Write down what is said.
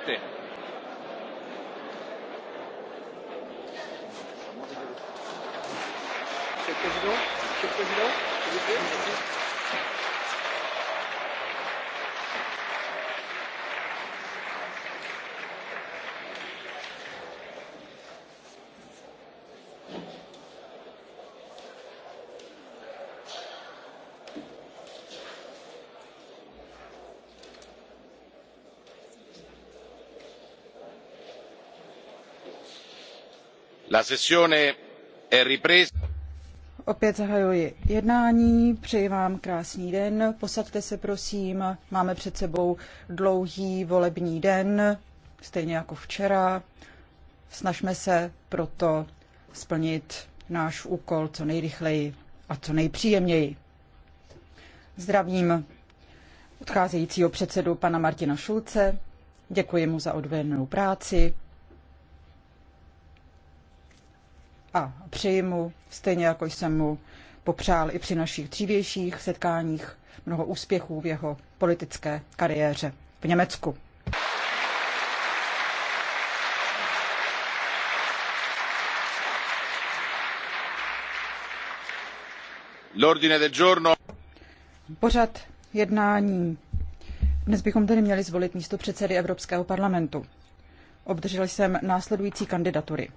presidente monsieur le président s'il vous plaît. La sessione è ripresa. Opět zahajuji jednání, přeji vám krásný den, posaďte se prosím, máme před sebou dlouhý volební den, stejně jako včera. Snažme se proto splnit náš úkol co nejrychleji a co nejpříjemněji. Zdravím odcházejícího předsedu pana Martina Šulce, děkuji mu za odvedenou práci a přeji mu stejně jako jsem mu popřál i při našich dřívějších setkáních, mnoho úspěchů v jeho politické kariéře v Německu. Pořad jednání. Dnes bychom tedy měli zvolit místo předsedy Evropského parlamentu. Obdržel jsem následující kandidatury.